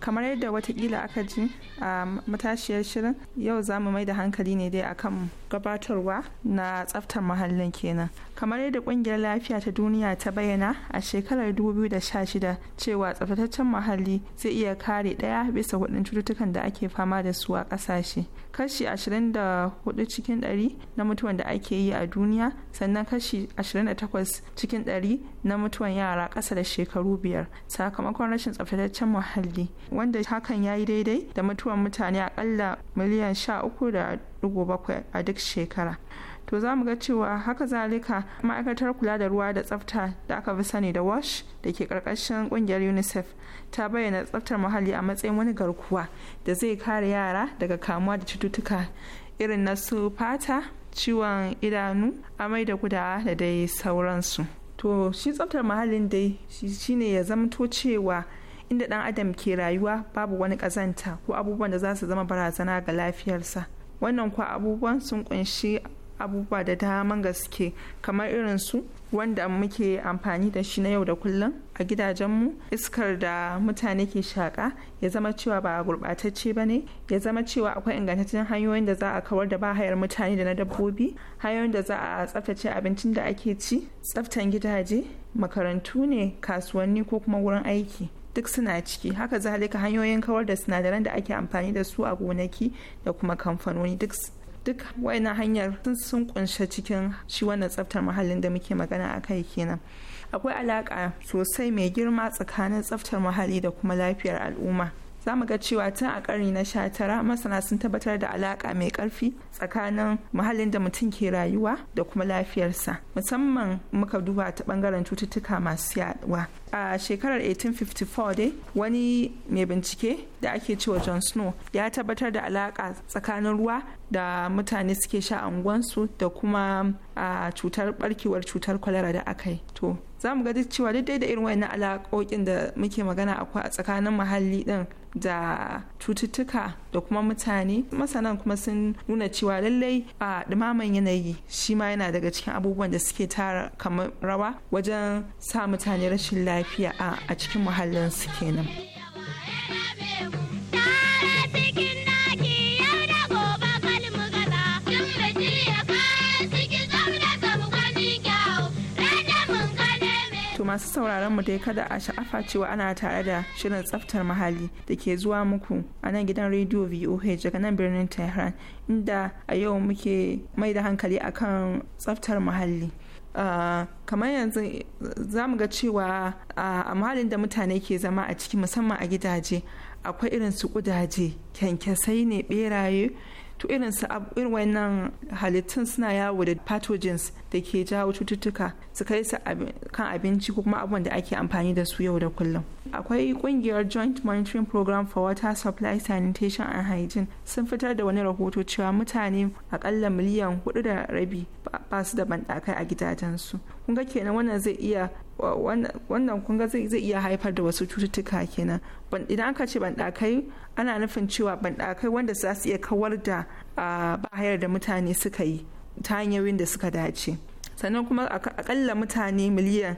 kamar yadda watakila aka ji a matashiyar shirin yau za mu mai da hankali ne dai akan gabatarwa na tsaftar muhallin kenan kamar yadda kungiyar lafiya ta duniya ta bayyana a shekarar 2016 cewa tsaftataccen muhalli zai iya kare daya bisa hudun cututtukan da ake fama da su a kasashe kashi 24 cikin 100 na mutuwan da ake yi a duniya sannan kashi 28 cikin 100 na mutuwan yara ƙasa da shekaru biyar sakamakon rashin tsaftataccen muhalli wanda hakan ya yi daidai da mutuwan mutane akalla miliyan 13.7 a duk shekara. to za mu ga cewa haka zalika ma'aikatar kula da ruwa da tsafta da aka fi sani da wash da ke karkashin kungiyar unicef ta bayyana tsaftar muhalli a matsayin wani garkuwa da zai kare yara daga kamuwa da cututtuka irin na su fata ciwon idanu amai da gudawa da dai sauransu to shi tsaftar muhallin dai shi ne ya zamto cewa inda dan adam ke rayuwa babu wani kazanta ko abubuwan da za su zama barazana ga lafiyarsa wannan kuwa abubuwan sun kunshi abubuwa da daman gaske kamar irin su wanda muke amfani da shi na yau da kullum a gidajenmu iskar da mutane ke shaƙa ya zama cewa ba a gurbatacce ba ne ya zama cewa akwai ingantaccen hanyoyin da za a kawar da bahayar mutane da na dabbobi hanyoyin da za a tsaftace abincin da ake ci tsaftan gidaje makarantu ne kasuwanni ko kuma wurin aiki duk suna ciki haka zalika hanyoyin kawar da sinadaran da ake amfani da su a gonaki da kuma kamfanoni duk duk wayannan hanyar sun kunshe cikin shi wannan tsaftar muhallin da muke magana a kai kenan akwai alaƙa sosai mai girma tsakanin tsaftar muhalli da kuma lafiyar al'umma za mu ga cewa tun a ƙari na sha tara masana sun tabbatar da alaƙa mai ƙarfi tsakanin muhallin da mutum ke rayuwa da kuma lafiyarsa musamman muka duba ta ɓangaren cututtuka masu yaduwa a shekarar 1854 dai wani mai bincike da ake cewa john snow ya tabbatar da alaƙa tsakanin ruwa da mutane suke sha a unguwansu da kuma a cutar barkewar cutar kwalara da aka yi to za mu ga duk cewa duk da irin wayannan alaƙoƙin da muke magana akwai a tsakanin muhalli ɗin da cututtuka da kuma mutane masanan kuma sun nuna cewa lallai a ɗumaman yanayi shi ma yana daga cikin abubuwan da suke tara kamar rawa wajen sa mutane rashin lafiya a cikin muhallin su kenan. masu sauraron mu dai kada a sha'afa cewa ana tare da shirin tsaftar muhalli da ke zuwa muku a nan gidan rediyo voh daga nan birnin tehran inda a yau muke mai da hankali akan tsaftar muhalli kamar yanzu za mu ga cewa a muhallin da mutane ke zama a ciki musamman a gidaje akwai irin su kudaje kyankyasai ne beraye to irin su irin wannan halittun suna yawo da pathogens da ke jawo cututtuka su kai su kan abinci ko kuma abubuwan da ake amfani da su yau da kullum akwai kungiyar joint monitoring program for water supply sanitation and hygiene sun fitar da wani rahoto cewa mutane akalla miliyan hudu da rabi ba su da bandakai a gidajensu kun ga kenan wannan zai iya wannan kun zai iya haifar da wasu cututtuka kenan idan aka ce bandakai ana nufin cewa banɗakai wanda za su iya kawar da bahayar da mutane suka yi ta hanyoyin da suka dace sannan kuma akalla mutane miliyan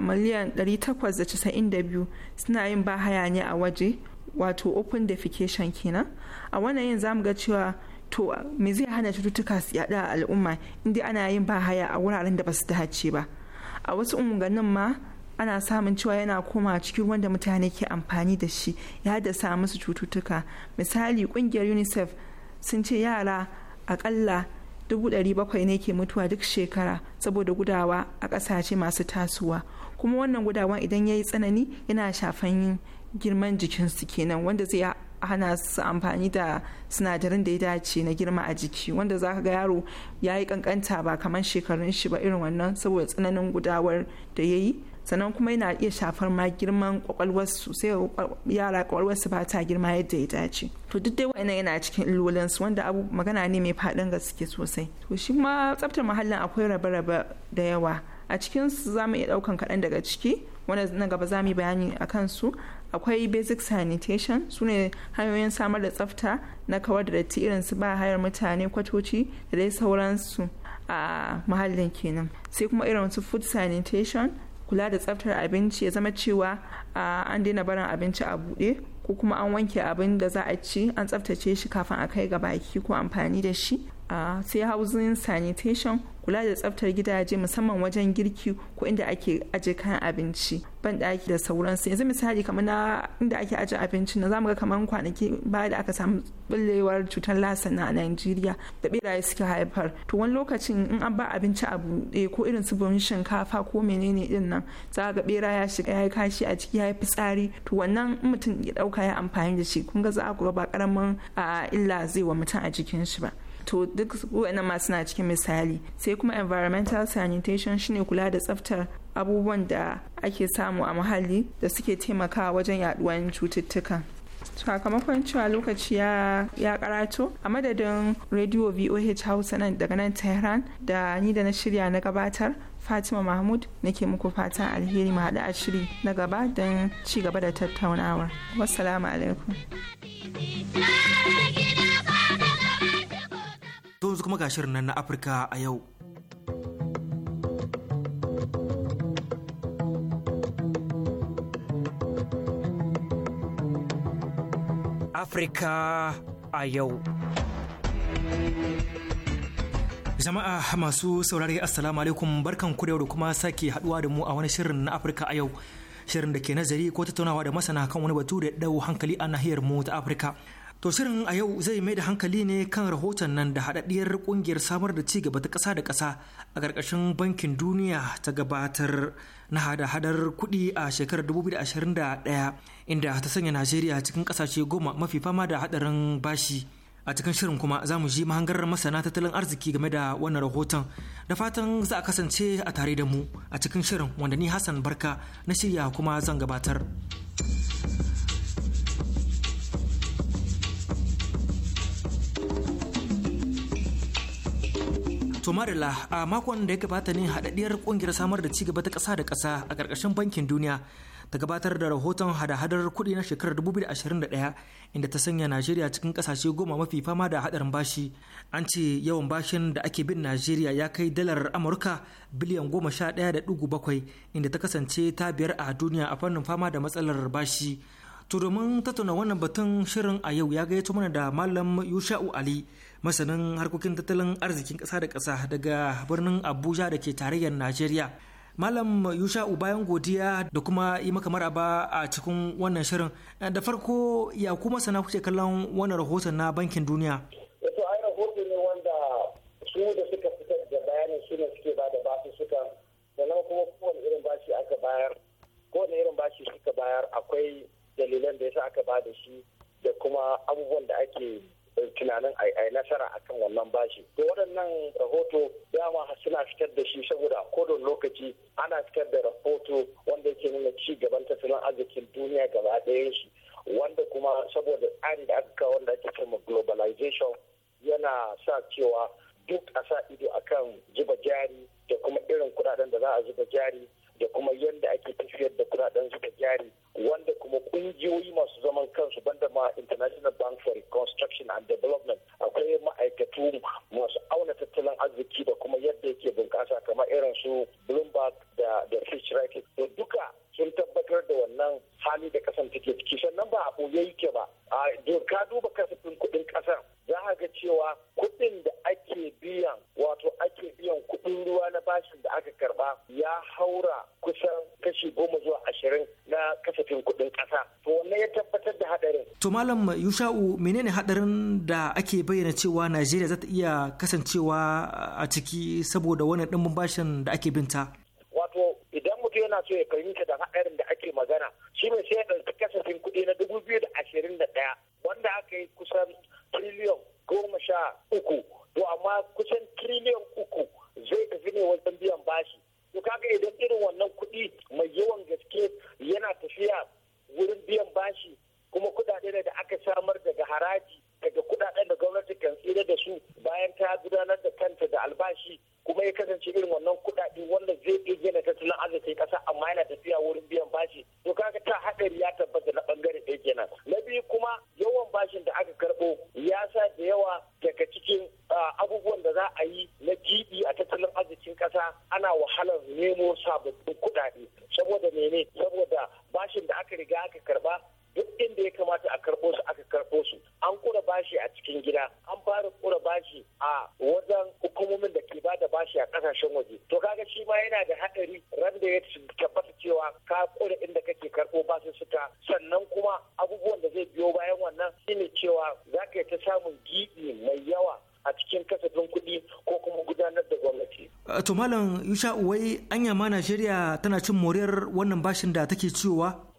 miliyan 892 suna yin bahaya ne a waje wato open defecation kenan a wannan yin zamu ga cewa to me zai hana cututtuka su yada a al'umma inda ana yin bahaya a wuraren da ba su dace ba a wasu unganin ma ana samun cewa yana koma cikin wanda mutane ke amfani da shi ya haddasa musu cututtuka misali kungiyar unicef sun ce yara akalla 700 ne ke mutuwa duk shekara saboda gudawa a ƙasashe masu tasowa kuma wannan gudawan idan ya yi tsanani yana shafan girman jikinsu kenan wanda zai hana su amfani da sinadarin da ya dace na girma a jiki wanda za ka ga yaro ya yi kankanta ba kamar shekarun shi ba irin wannan saboda tsananin gudawar da ya yi sannan kuma yana iya shafar ma girman su sai yara su ba ta girma yadda ya dace to duk dai wannan yana cikin su wanda abu magana ne mai faɗin gaske sosai to shi ma tsaftar muhallin akwai rabe-rabe da yawa a cikin su za mu iya ɗaukan kaɗan daga ciki wanda na gaba za mu yi bayani a su akwai basic sanitation su ne hanyoyin samar da tsafta na kawar da datti irin su ba hayar mutane kwatoci da dai sauransu a muhallin kenan sai kuma irin su food sanitation kula da tsaftar abinci ya zama cewa an daina barin abinci a buɗe ko kuma an wanke abin da za a ci an tsaftace shi kafin a kai ga baki ko amfani da shi a sai housing sanitation kula da tsaftar gidaje musamman wajen girki ko inda ake aje kayan abinci ban daki da sauransu yanzu misali kamar na inda ake aje abinci na zamu ga kamar kwanaki baya da aka samu bullewar cutar lasa na Najeriya da beraye suke haifar to wani lokacin in an ba abinci a buɗe ko irin su burin shinkafa ko menene din nan za ga bera ya shiga ya kashi a ciki ya yi fitsari to wannan mutum ya dauka ya amfani da shi kun ga za ku ga ba karamin illa zai wa mutum a jikin shi ba to duk wa'annan masu na cikin misali sai kuma environmental sanitation shine kula da tsaftar abubuwan da ake samu a muhalli da suke taimakawa wajen yaduwan cututtuka sakamakon cewa lokaci ya karato a madadin radio voh hausa nan daga nan tehran da ni da na shirya na gabatar fatima mahmud nake muku fatan alheri ma haɗu a shiri na gaba don ci gaba da tattaunawar wassalamu alaikum kuma ga shirin nan na Afirka a yau. Afirka a yau. Jama'a masu saurari Assalamu alaikum barkan ku da kuma sake haduwa da mu a wani shirin na Afirka a yau. Shirin da ke nazari ko tattaunawa da masana kan wani batu da dau hankali a nahiyar mu ta Afirka. To shirin a yau zai mai da hankali ne kan rahoton nan da haɗaɗɗiyar ƙungiyar samar da ci gaba ta kasa da kasa a karkashin bankin duniya ta gabatar na hada-hadar kuɗi a shekarar 2021 inda ta sanya Najeriya cikin kasashe goma mafi fama da haɗarin bashi. A cikin shirin kuma za mu ji mahangar masana tattalin arziki game da wannan rahoton da fatan za a kasance a tare da mu a cikin shirin wanda ni Hassan Barka na shirya kuma zan gabatar. To Marila a makon da ya gabata ne hadaddiyar kungiyar samar da cigaba ta kasa da kasa a ƙarƙashin bankin duniya ta gabatar da rahoton hada-hadar kuɗi na shekarar 2021 inda ta sanya Najeriya cikin kasashe goma mafi fama da hadarin bashi. An ce yawan bashin da ake bin Najeriya ya kai dalar Amurka biliyan goma sha ɗaya da ɗugu bakwai inda ta kasance ta biyar a duniya a fannin fama da matsalar bashi. To domin tattauna wannan batun shirin a yau ya gayyato mana da Malam Yusha'u Ali masanin harkokin tattalin arzikin kasa da kasa daga birnin abuja da ke tarayyar najeriya malam yusha bayan godiya da kuma yi maka maraba a cikin wannan shirin eh, da farko ya kuma sana kuke kallon wannan rahoton na bankin duniya to ai rahoto ne wanda su da suka fitar da bayanin su ne suke ba da basu suka sannan kuma kowane irin bashi aka bayar bayar akwai dalilan da yasa aka ba da shi da kuma abubuwan da ake tunanin a nasara akan wannan bashi to waɗannan rahoto dama suna fitar da shi saboda kodon lokaci ana fitar da rahoto wanda yake nuna ci gaban tattalin arzikin duniya gaba ɗayan shi wanda kuma saboda tsari da aka wanda ake kama globalization yana sa cewa duk a sa ido akan zuba jari da kuma irin kuɗaɗen da za a zuba jari da kuma yadda ake tafiyar da kudaden zuba jari wanda kuma kungiyoyi masu zaman kansu banda ma international bank for reconstruction and development akwai ma'aikatu masu auna tattalin arziki da kuma yadda yake bunƙasa kamar irin su bloomberg da fish fitch to duka sun tabbatar da wannan hali da kasan take ciki sannan ba a ɓoye yake ba a doka duba kasafin kuɗin ƙasar za a ga cewa kuɗin da ake biyan wato ake biyan kuɗin ruwa na bashin da aka karba ya haura kusan kashi goma zuwa ashirin na kasafin kuɗin ƙasa to wannan ya tabbatar da haɗarin. to malam yusha'u menene haɗarin da ake bayyana cewa najeriya za ta iya kasancewa a ciki saboda wannan ɗimbin bashin da ake binta. ana so ya fahimta da haɗarin da ake magana shi ne sai ya ɗauki kasafin kuɗi na dubu biyu da ashirin da ɗaya wanda aka yi kusan triliyon goma sha uku to amma kusan triliyon uku zai tafi ne wajen biyan bashi to kaga idan irin wannan kuɗi mai yawan gaske yana tafiya wurin biyan bashi kuma kuɗaɗe ne da aka samar daga haraji daga kudaden da gwamnati kan tsira da su bayan ta gudanar da kanta da albashi kuma ya kasance irin wannan kudade wanda zai iya gina tattalin arzikin kasa amma yana tafiya wurin biyan bashi to kaga ta hadari ya tabbata to malam yusha uwai anya ma najeriya tana cin moriyar wannan bashin da take ciyowa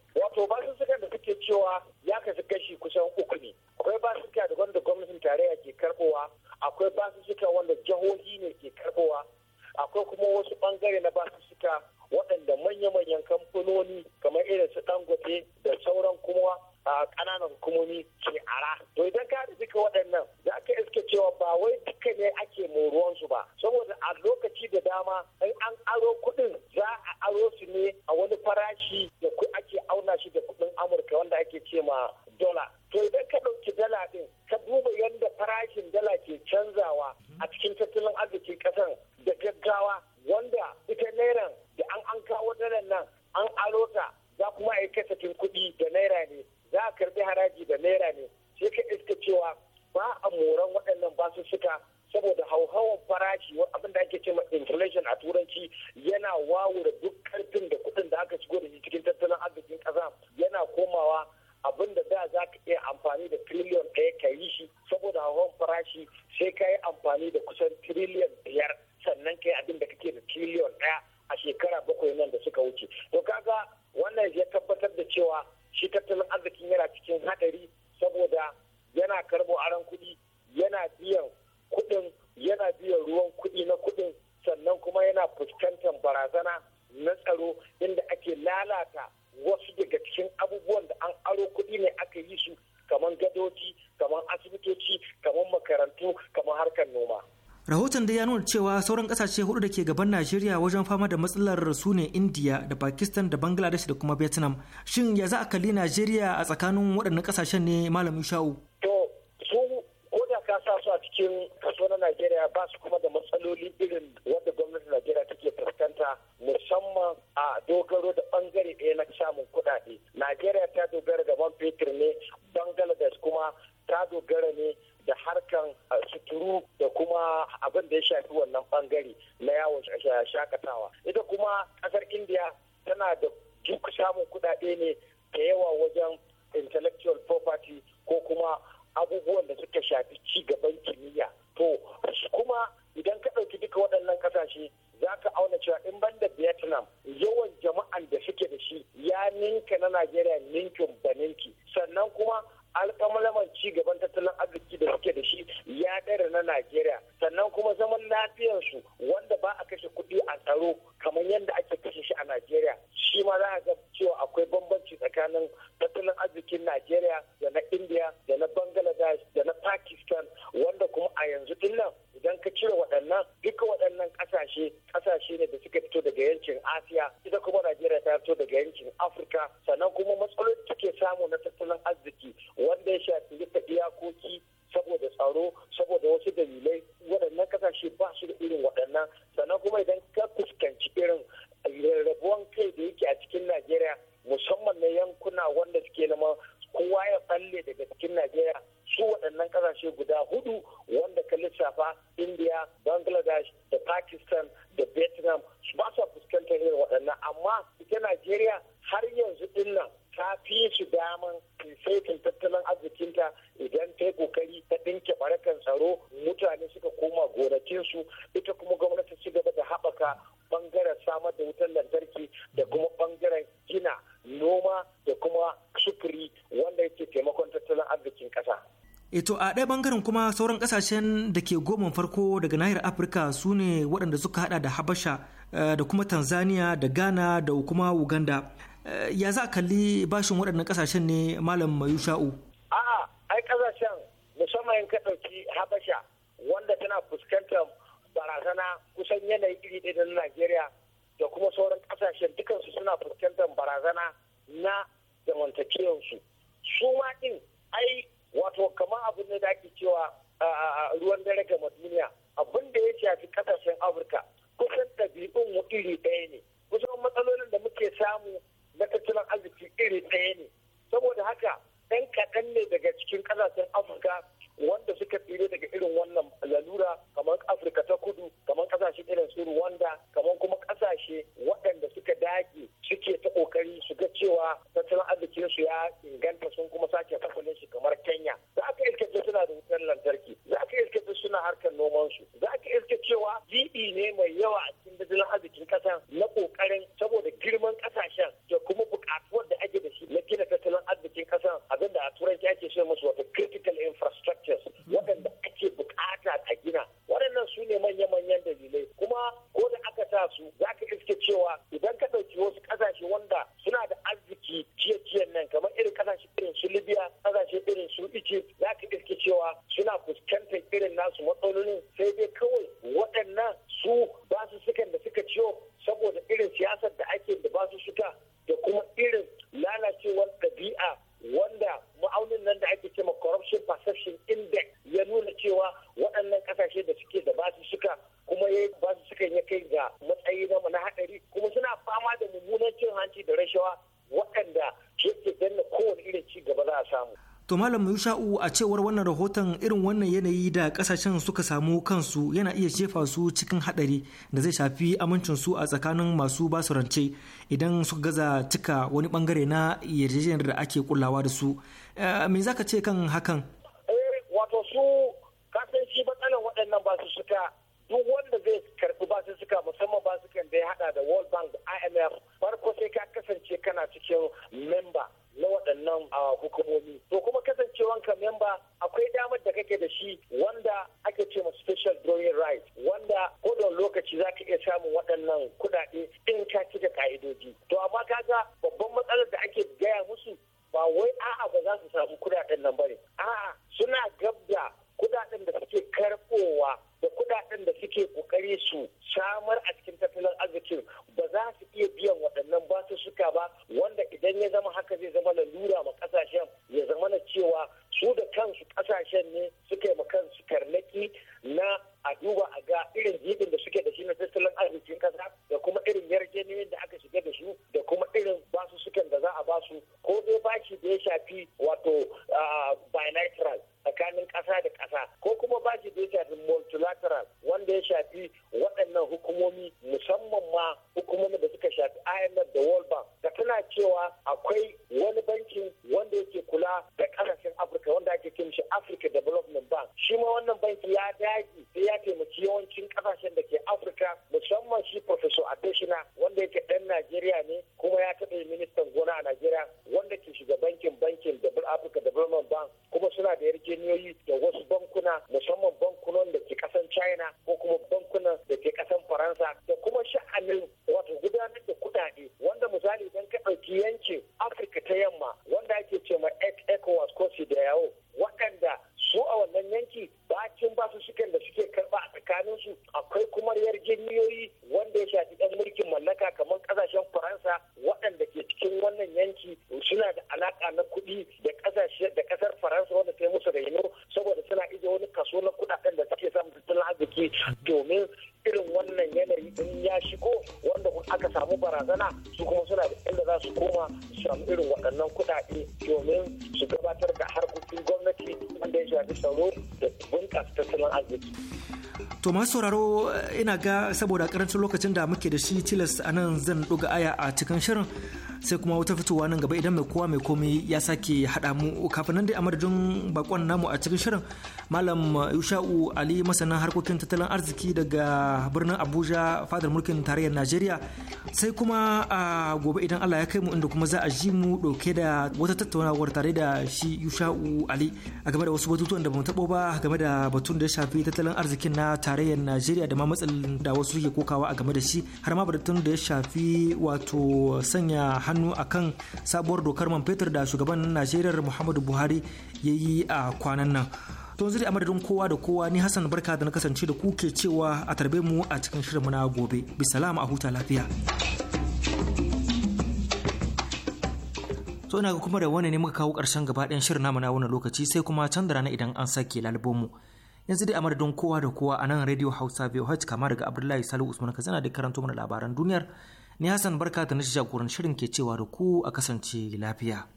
nuna cewa sauran kasashe hudu da ke gaban Najeriya wajen fama da matsalar su ne India da Pakistan da Bangladesh da kuma Vietnam. Shin ya za a kalli Najeriya a tsakanin waɗannan kasashen ne Malam Sha'u? samu na tattalin arziki a ɗaya bangaren kuma sauran ƙasashen da ke goma farko daga nahiyar Afirka su ne waɗanda suka hada da Habasha eh, da kuma Tanzania da Ghana da kuma Uganda. Eh, ya za a kalli bashin waɗannan ƙasashen ne Malam Mayu Sha'u? nau'i ne mai yawa a cikin tattalin arzikin ƙasa na ƙoƙari mu yi sha'u a cewar wannan rahoton irin wannan yanayi da kasashen suka samu kansu yana iya jefa su cikin hadari da zai shafi amincin su a tsakanin masu basu rance idan suka gaza cika wani bangare na yarjejeniyar da ake kullawa da su eh, me zaka ce kan hakan tura ma kasashen ya zama na cewa su da kansu kasashen ne sauraro ina ga saboda karancin lokacin da muke da shi tilas a nan zan ɗuga aya a cikin shirin sai kuma wata fitowa nan gaba idan mai kowa mai komai ya sake haɗa mu kafin nan dai a madadin bakon namu a cikin shirin malam yusha'u ali masanin harkokin tattalin arziki daga birnin abuja fadar mulkin tarayyar najeriya sai kuma a gobe idan allah ya kai mu inda kuma za a ji mu dauke da wata tattaunawar tare da shi yusha'u ali a game da wasu batutuwan da mu taɓo ba game da batun da ya shafi tattalin arzikin na tarayyar najeriya da ma matsalin da wasu ke kokawa a game da shi har ma batun da ya shafi wato sanya hannu akan sabuwar dokar man fetur da shugaban najeriya muhammadu buhari ya yi a kwanan nan don zuri a madadin kowa da kowa ni Hassan barka da na kasance da ku ke cewa a tarbe mu a cikin shirin na gobe. bisalama a huta lafiya. To ina ga kuma da wani ne muka kawo ƙarshen gaba ɗayan shirin namu na wannan lokaci sai kuma can rana idan an sake lalbomu. Yanzu dai a madadin kowa da kowa a nan Radio Hausa VOH kama daga Abdullahi Salihu Usman ka zana da karanto mana labaran duniyar. Ni Hassan Barka da na jagoran shirin ke cewa da ku a kasance lafiya.